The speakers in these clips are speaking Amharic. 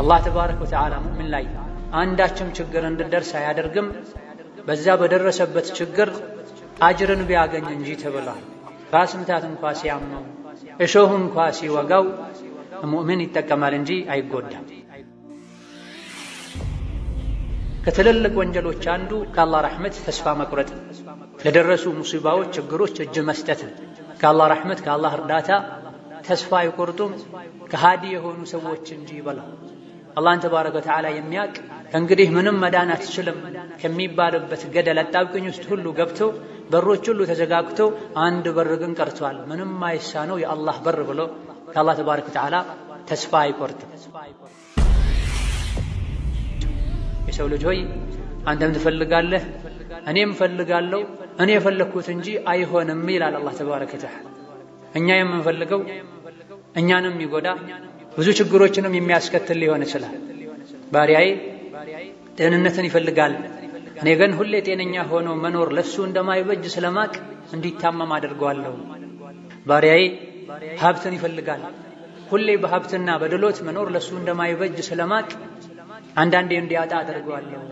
አላህ ተባረከ ወተዓላ ሙእምን ላይ አንዳችም ችግር እንድደርስ አያደርግም። በዛ በደረሰበት ችግር አጅርን ቢያገኝ እንጂ ተብሏል። ራስ ምታት እንኳ ሲያመው እሾህ እንኳ ሲወጋው ሙእምን ይጠቀማል እንጂ አይጎዳም። ከትልልቅ ወንጀሎች አንዱ ከአላህ ረሕመት ተስፋ መቁረጥ፣ ለደረሱ ሙሲባዎች፣ ችግሮች እጅ መስጠት፣ ከአላህ ረሕመት ከአላህ እርዳታ ተስፋ አይቆርጡም ከሃዲ የሆኑ ሰዎች እንጂ ይበላል። አላህን ተባረከ ወተዓላ የሚያውቅ ከእንግዲህ ምንም መዳን አትችልም ከሚባልበት ገደል አጣብቅኝ ውስጥ ሁሉ ገብቶ በሮች ሁሉ ተዘጋግቶ አንድ በር ግን ቀርቷል፣ ምንም አይሳነው የአላህ በር ብሎ ከአላህ ተባረከ ወተዓላ ተስፋ አይቆርጥም። የሰው ልጅ ሆይ አንተም ትፈልጋለህ፣ እኔም ፈልጋለሁ፣ እኔ የፈለግኩት እንጂ አይሆንም ይላል አላህ ተባረከ ወተዓላ። እኛ የምንፈልገው እኛንም ይጎዳ ብዙ ችግሮችንም የሚያስከትል ሊሆን ይችላል። ባሪያዬ ጤንነትን ይፈልጋል፣ እኔ ግን ሁሌ ጤነኛ ሆኖ መኖር ለሱ እንደማይበጅ ስለማቅ እንዲታመም አድርገዋለሁ። ባሪያዬ ሀብትን ይፈልጋል፣ ሁሌ በሀብትና በድሎት መኖር ለሱ እንደማይበጅ ስለማቅ አንዳንዴ እንዲያጣ አድርገዋለሁ።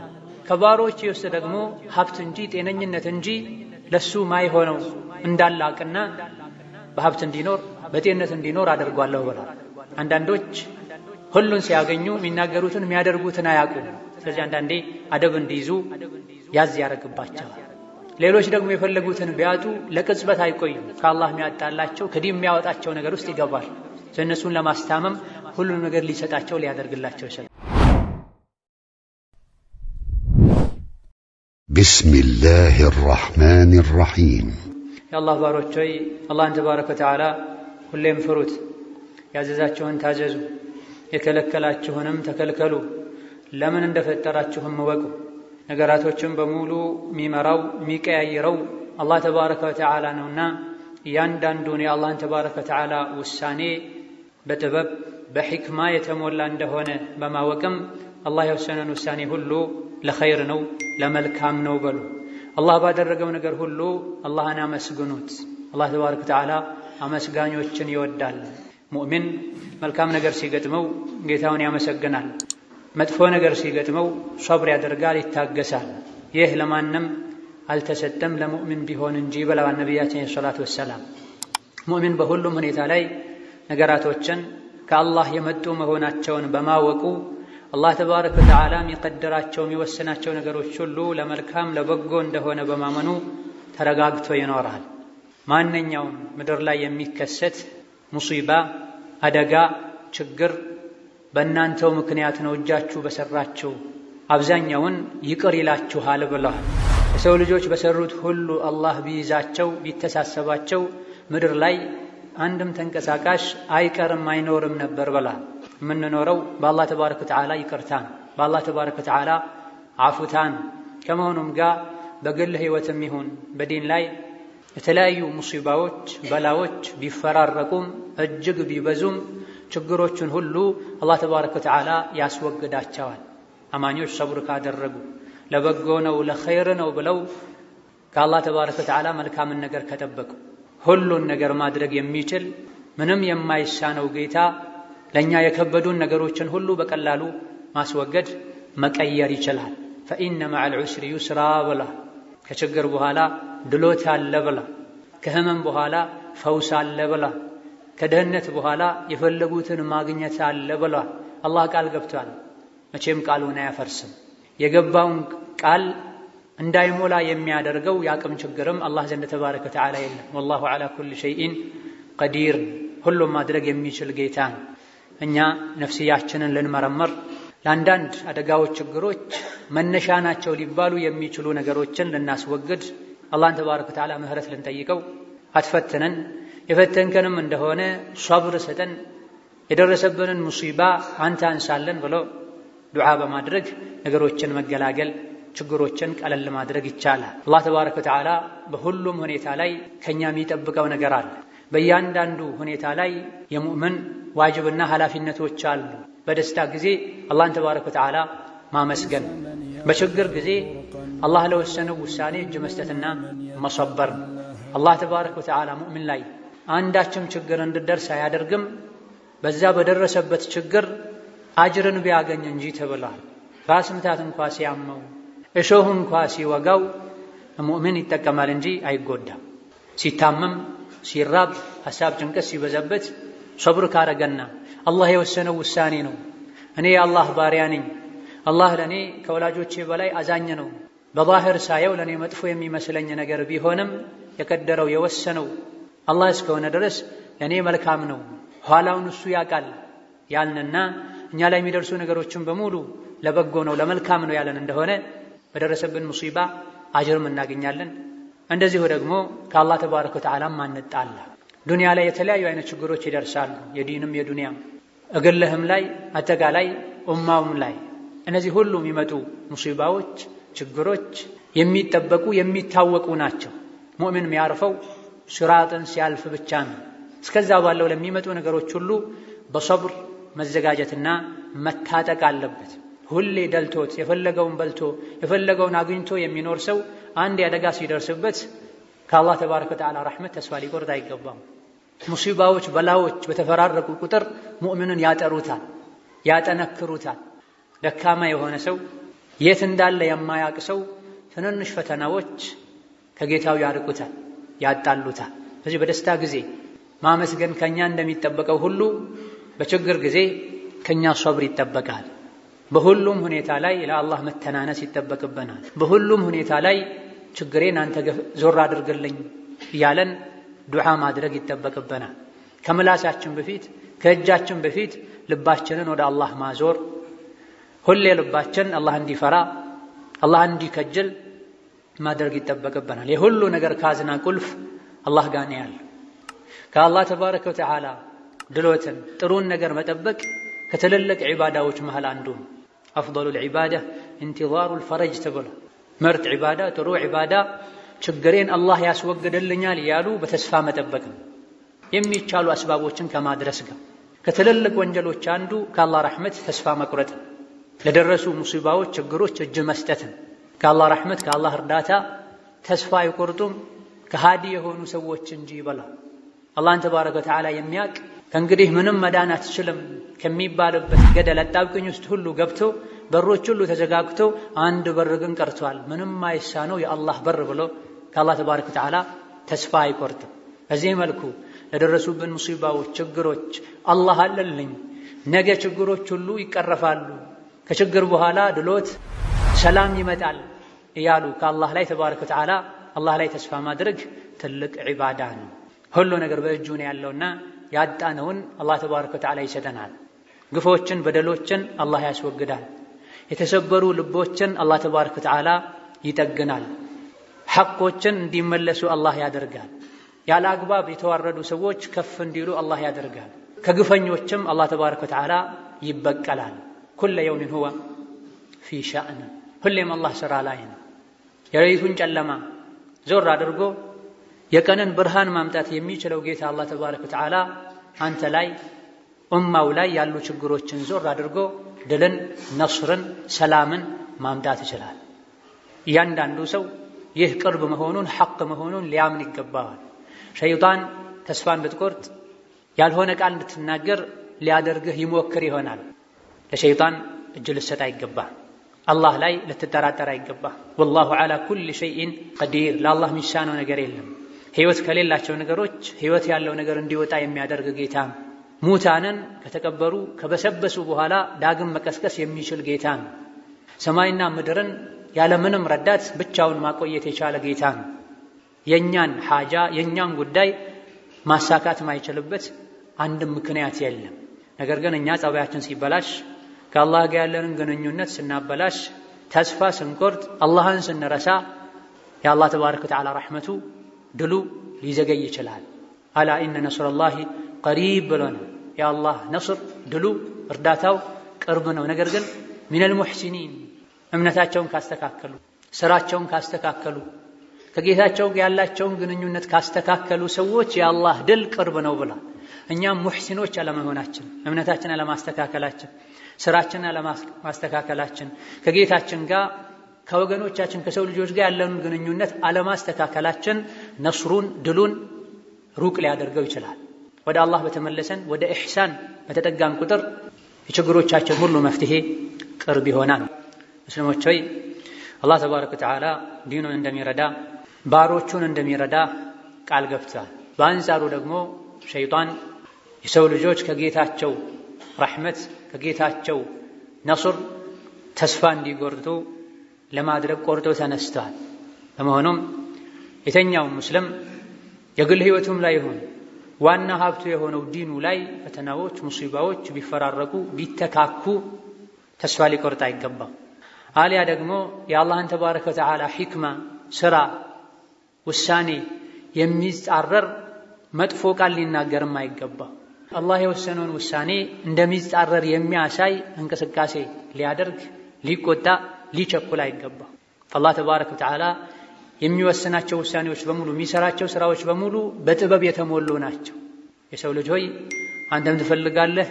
ከባሮች ውስጥ ደግሞ ሀብት እንጂ ጤነኝነት እንጂ ለሱ ማይሆነው እንዳላቅና በሀብት እንዲኖር በጤንነት እንዲኖር አድርጓለሁ ብሏል። አንዳንዶች ሁሉን ሲያገኙ የሚናገሩትን የሚያደርጉትን አያውቁም። ስለዚህ አንዳንዴ አደብ እንዲይዙ ያዝ ያደርግባቸዋል። ሌሎች ደግሞ የፈለጉትን ቢያጡ ለቅጽበት አይቆዩም። ከአላህ የሚያጣላቸው ከዲን የሚያወጣቸው ነገር ውስጥ ይገባል። እነሱን ለማስታመም ሁሉን ነገር ሊሰጣቸው ሊያደርግላቸው ይችላል። ቢስሚላህ ራሕማን ራሒም የአላህ ባሮች ሆይ አላህን ተባረከ ወተዓላ ሁሌም ፍሩት ያዘዛችሁን ታዘዙ፣ የከለከላችሁንም ተከልከሉ፣ ለምን እንደፈጠራችሁም እወቁ። ነገራቶችን በሙሉ የሚመራው የሚቀያይረው አላህ ተባረከ ወተዓላ ነውና እያንዳንዱን የአላህን ተባረከ ወተዓላ ውሳኔ በጥበብ በሕክማ የተሞላ እንደሆነ በማወቅም አላህ የወሰነን ውሳኔ ሁሉ ለኸይር ነው ለመልካም ነው በሉ። አላህ ባደረገው ነገር ሁሉ አላህን አመስግኑት። አላህ ተባረከ ወተዓላ አመስጋኞችን ይወዳል። ሙእሚን መልካም ነገር ሲገጥመው ጌታውን ያመሰግናል። መጥፎ ነገር ሲገጥመው ሶብር ያደርጋል፣ ይታገሳል። ይህ ለማንም አልተሰጠም ለሙእሚን ቢሆን እንጂ ብለዋል ነቢያችን ሰላቱ ወሰላም። ሙእሚን በሁሉም ሁኔታ ላይ ነገራቶችን ከአላህ የመጡ መሆናቸውን በማወቁ አላህ ተባረከ ወተዓላ የሚቀድራቸው የሚወስናቸው ነገሮች ሁሉ ለመልካም ለበጎ እንደሆነ በማመኑ ተረጋግቶ ይኖራል። ማንኛውም ምድር ላይ የሚከሰት ሙሲባ፣ አደጋ፣ ችግር በእናንተው ምክንያት ነው እጃችሁ በሰራችው አብዛኛውን ይቅር ይላችኋል ብለዋል። የሰው ልጆች በሰሩት ሁሉ አላህ ቢይዛቸው ቢተሳሰባቸው ምድር ላይ አንድም ተንቀሳቃሽ አይቀርም አይኖርም ነበር ብለዋል። የምንኖረው በአላህ ተባረከ ወተዓላ ይቅርታን በአላህ ተባረከ ወተዓላ አፉታን ከመሆኑም ጋር በግል ህይወትም ይሁን በዲን ላይ የተለያዩ ሙሲባዎች፣ በላዎች ቢፈራረቁም እጅግ ቢበዙም ችግሮቹን ሁሉ አላህ ተባረከ ወተዓላ ያስወግዳቸዋል። አማኞች ሰብር ካደረጉ ለበጎ ነው ለኸይር ነው ብለው ከአላህ ተባረከ ወተዓላ መልካምን ነገር ከጠበቁ ሁሉን ነገር ማድረግ የሚችል ምንም የማይሳነው ጌታ ለእኛ የከበዱን ነገሮችን ሁሉ በቀላሉ ማስወገድ መቀየር ይችላል። ፈኢነ መዐል ዑስሪ ዩስራ ብሏል። ከችግር በኋላ ድሎት አለ ብላ፣ ከህመም በኋላ ፈውስ አለ ብላ፣ ከደህንነት በኋላ የፈለጉትን ማግኘት አለ ብላ አላህ ቃል ገብቷል። መቼም ቃሉን አያፈርስም። የገባውን ቃል እንዳይሞላ የሚያደርገው የአቅም ችግርም አላህ ዘንድ ተባረከ ወተዓላ የለም። ወላሁ ዓላ ኩል ሸይኢን ቀዲር፣ ሁሉም ማድረግ የሚችል ጌታ ነው። እኛ ነፍስያችንን ልንመረምር ለአንዳንድ አደጋዎች፣ ችግሮች መነሻ ናቸው ሊባሉ የሚችሉ ነገሮችን ልናስወግድ አላህን ተባረከ ወተዓላ ምህረት ልንጠይቀው አትፈትነን፣ የፈተንከንም እንደሆነ ሷብር ስጠን፣ የደረሰብንን ሙሲባ አንተ አንሳለን ብሎ ዱዓ በማድረግ ነገሮችን መገላገል ችግሮችን ቀለል ማድረግ ይቻላል። አላህ ተባረከ ወተዓላ በሁሉም ሁኔታ ላይ ከእኛ የሚጠብቀው ነገር አለ። በእያንዳንዱ ሁኔታ ላይ የሙእምን ዋጅብና ኃላፊነቶች አሉ። በደስታ ጊዜ አላህን ተባረከ ወተዓላ ማመስገን፣ በችግር ጊዜ አላህ ለወሰነው ውሳኔ እጅ መስጠትና መሰበር ነው። አላህ ተባረከ ወተዓላ ሙእሚን ላይ አንዳችም ችግር እንድደርስ አያደርግም። በዛ በደረሰበት ችግር አጅርን ቢያገኝ እንጂ ተብሏል። ራስ ምታት እንኳ ሲያመው፣ እሾህ እንኳ ሲወጋው ሙእሚን ይጠቀማል እንጂ አይጎዳም። ሲታመም፣ ሲራብ፣ ሀሳብ ጭንቀት ሲበዛበት ሰብር ካረገና አላህ የወሰነው ውሳኔ ነው፣ እኔ የአላህ ባሪያ ነኝ፣ አላህ ለእኔ ከወላጆቼ በላይ አዛኝ ነው በዛሂር ሳየው ለእኔ መጥፎ የሚመስለኝ ነገር ቢሆንም የቀደረው የወሰነው አላህ እስከሆነ ድረስ ለእኔ መልካም ነው፣ ኋላውን እሱ ያውቃል ያልንና እኛ ላይ የሚደርሱ ነገሮችን በሙሉ ለበጎ ነው ለመልካም ነው ያለን እንደሆነ በደረሰብን ሙሲባ አጅርም እናገኛለን። እንደዚሁ ደግሞ ከአላህ ተባረከ ወተዓላም አንጣላ። ዱንያ ላይ የተለያዩ አይነት ችግሮች ይደርሳሉ፣ የዲንም የዱንያም፣ እግልህም ላይ አጠቃላይ ኡማውም ላይ እነዚህ ሁሉ የሚመጡ ሙሲባዎች ችግሮች የሚጠበቁ የሚታወቁ ናቸው። ሙእሚን የሚያርፈው ሲራጥን ሲያልፍ ብቻ ነው። እስከዛ ባለው ለሚመጡ ነገሮች ሁሉ በሰብር መዘጋጀትና መታጠቅ አለበት። ሁሌ ደልቶት የፈለገውን በልቶ የፈለገውን አግኝቶ የሚኖር ሰው አንድ አደጋ ሲደርስበት ከአላህ ተባረከ ወተዓላ ረሕመት ተስፋ ሊቆርጥ አይገባም። ሙሲባዎች፣ በላዎች በተፈራረቁ ቁጥር ሙእሚኑን ያጠሩታል፣ ያጠነክሩታል። ደካማ የሆነ ሰው የት እንዳለ የማያቅ ሰው ትንንሽ ፈተናዎች ከጌታው ያርቁታል፣ ያጣሉታል። ስለዚህ በደስታ ጊዜ ማመስገን ከእኛ እንደሚጠበቀው ሁሉ በችግር ጊዜ ከእኛ ሶብር ይጠበቃል። በሁሉም ሁኔታ ላይ ለአላህ መተናነስ ይጠበቅብናል። በሁሉም ሁኔታ ላይ ችግሬን አንተ ዞር አድርግልኝ እያለን ዱዓ ማድረግ ይጠበቅብናል። ከምላሳችን በፊት ከእጃችን በፊት ልባችንን ወደ አላህ ማዞር ሁሌ ልባችን አላህ እንዲፈራ አላህ እንዲከጅል ማድረግ ይጠበቅብናል። የሁሉ ነገር ካዝና ቁልፍ አላህ ጋር ነው ያለው። ከአላህ ተባረከ ወተዓላ ድሎትን ጥሩን ነገር መጠበቅ ከትልልቅ ዒባዳዎች መሃል አንዱ ነው። አፍደሉል ዒባዳ ኢንቲዛሩል ፈረጅ ተብሎ ምርጥ ዒባዳ ጥሩ ዒባዳ ችግሬን አላህ ያስወግድልኛል እያሉ በተስፋ መጠበቅ ነው። የሚቻሉ አስባቦችን ከማድረስ ጋር ከትልልቅ ወንጀሎች አንዱ ከአላህ ረሕመት ተስፋ መቁረጥ ነው። ለደረሱ ሙሲባዎች፣ ችግሮች እጅ መስጠትም ከአላህ ረሕመት ከአላህ እርዳታ ተስፋ አይቆርጡም ከሃዲ የሆኑ ሰዎች እንጂ ይበላል። አላህን ተባረከ ወተዓላ የሚያቅ ከእንግዲህ ምንም መዳን አትችልም ከሚባልበት ገደል አጣብቅኝ ውስጥ ሁሉ ገብቶ በሮች ሁሉ ተዘጋግቶ አንድ በር ግን ቀርቷል፣ ምንም አይሳነው የአላህ በር ብሎ ከአላህ ተባረከ ወተዓላ ተስፋ አይቆርጥም። በዚህ መልኩ ለደረሱብን ሙሲባዎች፣ ችግሮች አላህ አለልኝ ነገ ችግሮች ሁሉ ይቀረፋሉ ከችግር በኋላ ድሎት ሰላም ይመጣል እያሉ ከአላህ ላይ ተባረከ ወተዓላ አላህ ላይ ተስፋ ማድረግ ትልቅ ዒባዳ ነው። ሁሉ ነገር በእጁ ነው ያለውና ያጣነውን አላህ ተባረከ ወተዓላ ይሰጠናል። ግፎችን፣ በደሎችን አላህ ያስወግዳል። የተሰበሩ ልቦችን አላህ ተባረከ ወተዓላ ይጠግናል። ሐቆችን እንዲመለሱ አላህ ያደርጋል። ያለ አግባብ የተዋረዱ ሰዎች ከፍ እንዲሉ አላህ ያደርጋል። ከግፈኞችም አላህ ተባረከ ወተዓላ ይበቀላል። ኩለ የውምን ሁወ ፊ ሻእን፣ ሁሌም አላህ ሥራ ላይ ነው። የሌሊቱን ጨለማ ዞር አድርጎ የቀንን ብርሃን ማምጣት የሚችለው ጌታ አላህ ተባረከ ወተዓላ አንተ ላይ ኡማው ላይ ያሉ ችግሮችን ዞር አድርጎ ድልን፣ ነስርን፣ ሰላምን ማምጣት ይችላል። እያንዳንዱ ሰው ይህ ቅርብ መሆኑን ሐቅ መሆኑን ሊያምን ይገባዋል። ሸይጣን ተስፋ እንድትቆርጥ ያልሆነ ቃል እንድትናገር ሊያደርግህ ይሞክር ይሆናል። ለሸይጣን እጅ ልትሰጥ አይገባ። አላህ ላይ ልትጠራጠር አይገባ። ወላሁ ዓላ ኩል ሸይኢን ቀዲር፣ ለአላህ የሚሳነው ነገር የለም። ህይወት ከሌላቸው ነገሮች ህይወት ያለው ነገር እንዲወጣ የሚያደርግ ጌታ ሙታንን ከተቀበሩ ከበሰበሱ በኋላ ዳግም መቀስቀስ የሚችል ጌታ ሰማይና ምድርን ያለምንም ረዳት ብቻውን ማቆየት የቻለ ጌታ የእኛን ሓጃ የእኛን ጉዳይ ማሳካት ማይችልበት አንድም ምክንያት የለም። ነገር ግን እኛ ጸባያችን ሲበላሽ ከአላህ ጋር ያለንን ግንኙነት ስናበላሽ፣ ተስፋ ስንቆርጥ፣ አላህን ስንረሳ የአላህ ተባረከ ወተዓላ ረሕመቱ ድሉ ሊዘገይ ይችላል። አላ ኢነ ነስረላሂ ቀሪብ ብሎነ የአላህ ነስር ድሉ እርዳታው ቅርብ ነው። ነገር ግን ሚነል ሙሕሲኒን እምነታቸውን ካስተካከሉ፣ ስራቸውን ካስተካከሉ፣ ከጌታቸው ያላቸውን ግንኙነት ካስተካከሉ ሰዎች የአላህ ድል ቅርብ ነው ብሏል። እኛም ሙሕሲኖች አለመሆናችን፣ እምነታችን አለማስተካከላችን ስራችንን አለማስተካከላችን፣ ከጌታችን ጋር ከወገኖቻችን ከሰው ልጆች ጋር ያለውን ግንኙነት አለማስተካከላችን ነስሩን ድሉን ሩቅ ሊያደርገው ይችላል። ወደ አላህ በተመለሰን ወደ ኢሕሳን በተጠጋን ቁጥር የችግሮቻችን ሁሉ መፍትሄ ቅርብ ይሆናል። ሙስሊሞች ሆይ አላህ ተባረከ ወተዓላ ዲኑን እንደሚረዳ ባሮቹን እንደሚረዳ ቃል ገብቷል። በአንጻሩ ደግሞ ሸይጣን የሰው ልጆች ከጌታቸው ረሕመት ከጌታቸው ነሱር ተስፋ እንዲጎርቱ ለማድረግ ቆርጦ ተነስተዋል። በመሆኑም የተኛው ሙስልም የግል ህይወቱም ላይ ይሁን ዋና ሀብቱ የሆነው ዲኑ ላይ ፈተናዎች፣ ሙሲባዎች ቢፈራረቁ ቢተካኩ ተስፋ ሊቆርጥ አይገባም። አሊያ ደግሞ የአላህን ተባረከ ወተዓላ ሂክማ ስራ፣ ውሳኔ የሚጻረር መጥፎ ቃል ሊናገርም አይገባ። አላህ የወሰነውን ውሳኔ እንደሚጻረር የሚያሳይ እንቅስቃሴ ሊያደርግ፣ ሊቆጣ፣ ሊቸኩል አይገባ። አላህ ተባረከ ወተዓላ የሚወስናቸው ውሳኔዎች በሙሉ የሚሰራቸው ስራዎች በሙሉ በጥበብ የተሞሉ ናቸው። የሰው ልጅ ሆይ አንተም ትፈልጋለህ፣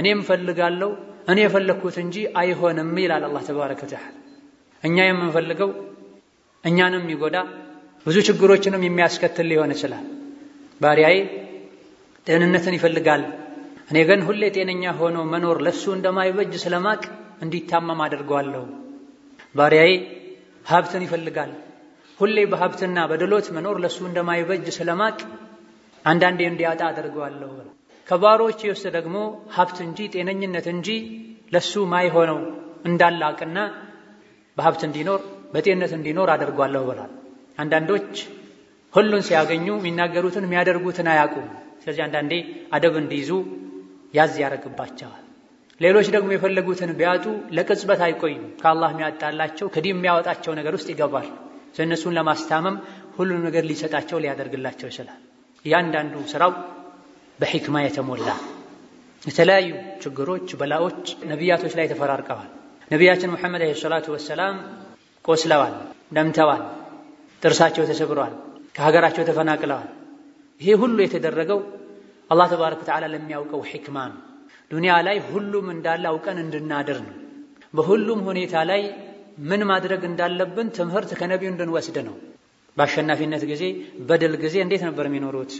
እኔም ፈልጋለሁ እኔ የፈለግኩት እንጂ አይሆንም ይላል አላህ ተባረከ ወተዓላ። እኛ የምንፈልገው እኛንም የሚጎዳ ብዙ ችግሮችንም የሚያስከትል ሊሆን ይችላል። ባሪያዬ ጤንነትን ይፈልጋል። እኔ ግን ሁሌ ጤነኛ ሆኖ መኖር ለሱ እንደማይበጅ ስለማቅ እንዲታመም አድርገዋለሁ። ባሪያዬ ሀብትን ይፈልጋል። ሁሌ በሀብትና በድሎት መኖር ለሱ እንደማይበጅ ስለማቅ አንዳንዴ እንዲያጣ አድርገዋለሁ። ከባሮች ውስጥ ደግሞ ሀብት እንጂ ጤነኝነት እንጂ ለሱ ማይሆነው እንዳላቅና በሀብት እንዲኖር በጤንነት እንዲኖር አድርጓለሁ ብሏል። አንዳንዶች ሁሉን ሲያገኙ የሚናገሩትን የሚያደርጉትን አያውቁም። ስለዚህ አንዳንዴ አደብ እንዲይዙ ያዝ ያደረግባቸዋል። ሌሎች ደግሞ የፈለጉትን ቢያጡ ለቅጽበት አይቆዩም። ከአላህ የሚያጣላቸው ከዲን የሚያወጣቸው ነገር ውስጥ ይገባል። እነሱን ለማስታመም ሁሉንም ነገር ሊሰጣቸው ሊያደርግላቸው ይችላል። እያንዳንዱ ስራው በሕክማ የተሞላ የተለያዩ ችግሮች፣ በላዎች ነቢያቶች ላይ ተፈራርቀዋል። ነቢያችን ሙሐመድ ዓለይሂ ሰላቱ ወሰላም ቆስለዋል፣ ደምተዋል፣ ጥርሳቸው ተሰብረዋል፣ ከሀገራቸው ተፈናቅለዋል። ይሄ ሁሉ የተደረገው አላህ ተባረከ ወተዓላ ለሚያውቀው ሕክማ ነው። ዱንያ ላይ ሁሉም እንዳለ አውቀን እንድናድር ነው። በሁሉም ሁኔታ ላይ ምን ማድረግ እንዳለብን ትምህርት ከነቢዩ እንድንወስድ ነው። በአሸናፊነት ጊዜ፣ በድል ጊዜ እንዴት ነበር የሚኖሩት?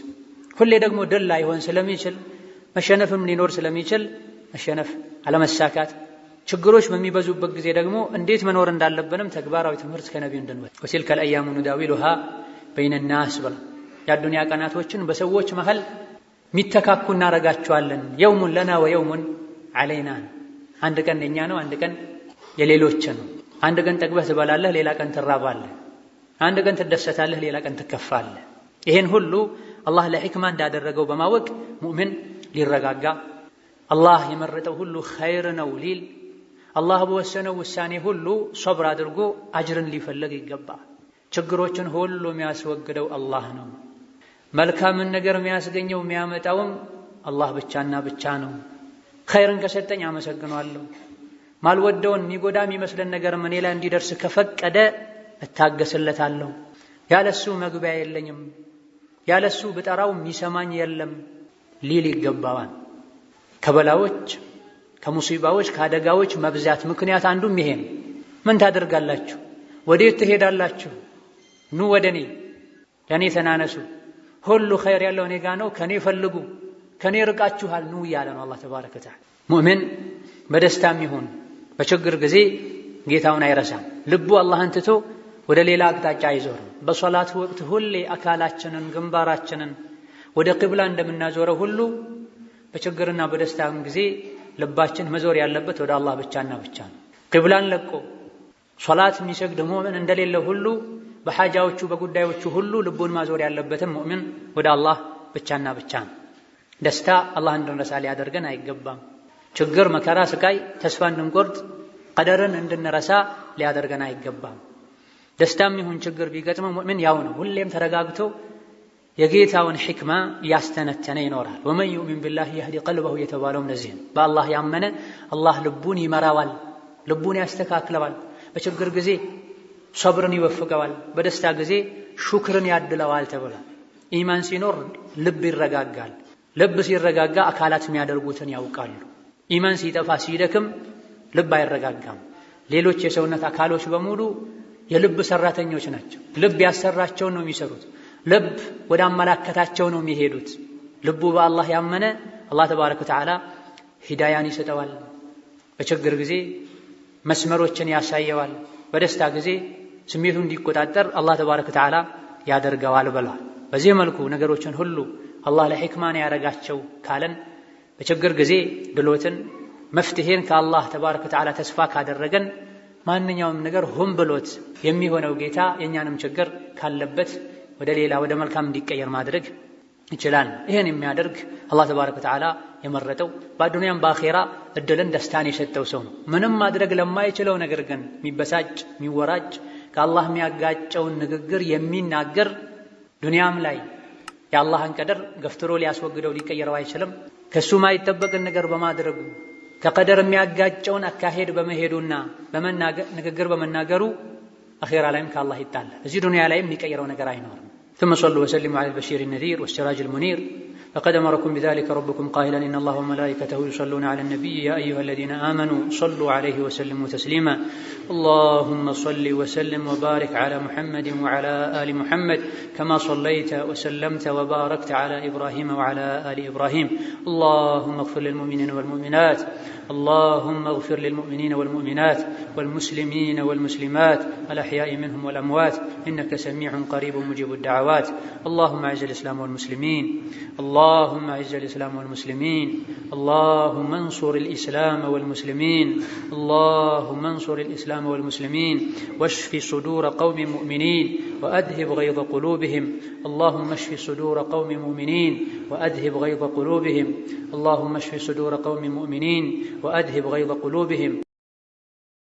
ሁሌ ደግሞ ድል ላይሆን ስለሚችል መሸነፍም ሊኖር ስለሚችል መሸነፍ፣ አለመሳካት፣ ችግሮች በሚበዙበት ጊዜ ደግሞ እንዴት መኖር እንዳለብንም ተግባራዊ ትምህርት ከነቢዩ እንድንወስድ ወሲልከል አያሙ ኑዳዊሉሃ በይነ ናስ ብሏል። የአዱንያ ቀናቶችን በሰዎች መሀል ሚተካኩ እናረጋቸዋለን። የውሙን ለና ወየውሙን አለይና አንድ ቀን የኛ ነው፣ አንድ ቀን የሌሎች ነው። አንድ ቀን ጠግበህ ትበላለህ፣ ሌላ ቀን ትራባለህ። አንድ ቀን ትደሰታለህ፣ ሌላ ቀን ትከፋለህ። ይሄን ሁሉ አላህ ለሕክማ እንዳደረገው በማወቅ ሙእምን ሊረጋጋ አላህ የመረጠው ሁሉ ኸይር ነው ሊል አላህ በወሰነው ውሳኔ ሁሉ ሶብር አድርጎ አጅርን ሊፈለግ ይገባ። ችግሮችን ሁሉ የሚያስወግደው አላህ ነው። መልካምን ነገር የሚያስገኘው የሚያመጣውም አላህ ብቻና ብቻ ነው። ኸይርን ከሰጠኝ አመሰግኗለሁ። ማልወደውን የሚጎዳ የሚመስለን ነገር እኔ ላይ እንዲደርስ ከፈቀደ እታገስለታለሁ። ያለሱ መግቢያ የለኝም፣ ያለሱ ብጠራው የሚሰማኝ የለም ሊል ይገባዋል። ከበላዎች ከሙሲባዎች ከአደጋዎች መብዛት ምክንያት አንዱም ይሄ ነው። ምን ታደርጋላችሁ? ወዴት ትሄዳላችሁ? ኑ ወደ እኔ ለእኔ ተናነሱ ሁሉ ኸይር ያለው እኔ ጋ ነው፣ ከኔ ፈልጉ፣ ከኔ ርቃችኋል ኑ እያለ ነው አላህ ተባረከ ወተዓላ። ሙእሚን በደስታም ይሁን በችግር ጊዜ ጌታውን አይረሳም። ልቡ አላህን ትቶ ወደ ሌላ አቅጣጫ አይዞርም። በሶላት ወቅት ሁሌ አካላችንን ግንባራችንን ወደ ቅብላ እንደምናዞረው ሁሉ በችግርና በደስታም ጊዜ ልባችን መዞር ያለበት ወደ አላህ ብቻና ብቻ ነው። ቅብላን ለቆ ሶላት የሚሰግድ ሙእሚን እንደሌለ ሁሉ በሐጃዎቹ በጉዳዮቹ ሁሉ ልቡን ማዞር ያለበትም ሙእሚን ወደ አላህ ብቻና ብቻ ነው። ደስታ አላህ እንድንረሳ ሊያደርገን አይገባም። ችግር፣ መከራ፣ ስቃይ ተስፋ እንድንቆርጥ ቀደርን እንድንረሳ ሊያደርገን አይገባም። ደስታም ይሁን ችግር ቢገጥመው ሙእሚን ያው ነው። ሁሌም ተረጋግቶ የጌታውን ሕክማ እያስተነተነ ይኖራል። ወመን ዩእሚን ቢላህ የህዲ ቀልበሁ የተባለውም ለዚህ ነው። በአላህ ያመነ አላህ ልቡን ይመራዋል፣ ልቡን ያስተካክለዋል። በችግር ጊዜ ሰብርን ይወፍቀዋል፣ በደስታ ጊዜ ሹክርን ያድለዋል ተብሏል። ኢማን ሲኖር ልብ ይረጋጋል። ልብ ሲረጋጋ አካላት የሚያደርጉትን ያውቃሉ። ኢማን ሲጠፋ ሲደክም ልብ አይረጋጋም። ሌሎች የሰውነት አካሎች በሙሉ የልብ ሰራተኞች ናቸው። ልብ ያሰራቸውን ነው የሚሰሩት። ልብ ወደ አመላከታቸው ነው የሚሄዱት። ልቡ በአላህ ያመነ አላህ ተባረከ ወተዓላ ሂዳያን ይሰጠዋል። በችግር ጊዜ መስመሮችን ያሳየዋል። በደስታ ጊዜ ስሜቱን እንዲቆጣጠር አላህ ተባረከ ወተዓላ ያደርገዋል ብለዋል። በዚህ መልኩ ነገሮችን ሁሉ አላህ ለሕክማን ያረጋቸው ካለን በችግር ጊዜ ድሎትን መፍትሄን ከአላህ ተባረከ ወተዓላ ተስፋ ካደረገን ማንኛውም ነገር ሆን ብሎት የሚሆነው ጌታ የእኛንም ችግር ካለበት ወደ ሌላ ወደ መልካም እንዲቀየር ማድረግ ይችላል። ይህን የሚያደርግ አላህ ተባረከ ወተዓላ የመረጠው በአዱንያም በአኼራ እድልን ደስታን የሰጠው ሰው ነው። ምንም ማድረግ ለማይችለው ነገር ግን የሚበሳጭ የሚወራጭ ከአላህ የሚያጋጨውን ንግግር የሚናገር ዱንያም ላይ የአላህን ቀደር ገፍትሮ ሊያስወግደው ሊቀየረው አይችልም። ከሱ ማይጠበቅን ነገር በማድረጉ ከቀደር የሚያጋጨውን አካሄድ በመሄዱና ንግግር በመናገሩ አኼራ ላይም ከአላህ ይጣላል። እዚህ ዱንያ ላይም የሚቀየረው ነገር አይኖርም። ثم صلوا وسلموا على البشير النذير والسراج المنير لقد امركم بذلك ربكم قائلا ان الله وملائكته يصلون على النبي يا ايها الذين امنوا صلوا عليه وسلموا تسليما اللهم صل وسلم وبارك على محمد وعلى ال محمد كما صليت وسلمت وباركت على ابراهيم وعلى ال ابراهيم اللهم اغفر للمؤمنين والمؤمنات اللهم اغفر للمؤمنين والمؤمنات والمسلمين والمسلمات الأحياء منهم والأموات إنك سميع قريب مجيب الدعوات اللهم أعز الإسلام والمسلمين اللهم أعز الإسلام والمسلمين اللهم انصر الإسلام والمسلمين اللهم انصر الإسلام والمسلمين واشف صدور قوم مؤمنين وأذهب غيظ قلوبهم اللهم اشف صدور قوم مؤمنين وأذهب غيظ قلوبهم اللهم اشف صدور قوم مؤمنين وأذهب غيظ قلوبهم